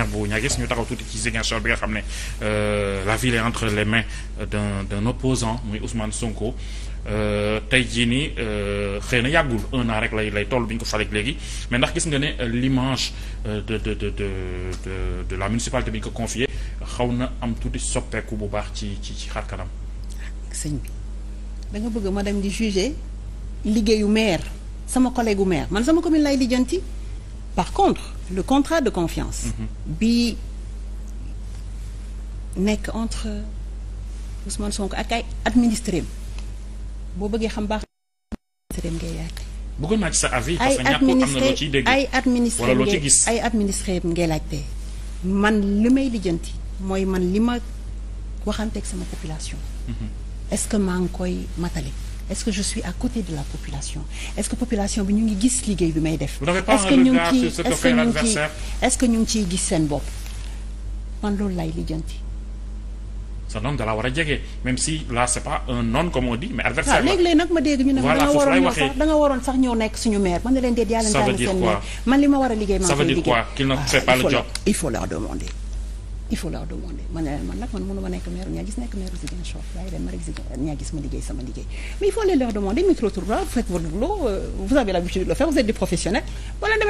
maire bu Niaguis ñu taxaw tuuti ci Ziguinchor bi nga xam ne euh, la ville est entre les mains d'un d'un opposant muy Ousmane Sonko euh, tey jii nii euh, xëy na yàggul un an rek lay lay toll bi ñu ko faleeg léegi mais ndax gis nga ne l'image de de de de de la municipalité bi ñu ko confié xaw na am tuuti soppeeku bu baax ci ci ci xar kanam. sëñ bi da nga bëgg ma dem di juger liggéeyu maire sama collègue maire man sama commune lay lijjanti par contre. le contrat de confiance. Mhm. bi nekk entre Ousmane Sonko ak ay administrés boo bëggee xam baax administrés ngay yaay. bëggoon naa ci ay administrés wala loo ay administrés ngay laajte. man li may lijjanti mooy man li ma waxanteeg sama population. Mhm. est-ce que maa ngi koy matali. est-ce que je suis à côté de la population est-ce que population bi ñu ngi gis liggéey bi may def. est-ce que ñu ngi ciy gis seen bopp man loolu lay lijjanti. sa noon dala war a jege même si là c'est pas un noon comme on dit mais adversaire ah, la nag ma dégg ñu ne da nga waroon sax ñëw nekk suñu maire man na leen dee yaa leen tànn seen maire man li ma war a liggéey man ça veut ah, il faut leur demander il faut leur demander man ne euh, man nag man mënu ma nekk maire Niaguis nekk maire Ziguinchor bàyyi leen ma rek Niaguis ma liggéey sama liggéey mais il faut leur demander micro-trottoir faites votre boulot euh, vous avez l'habitude de le faire vous êtes des professionnels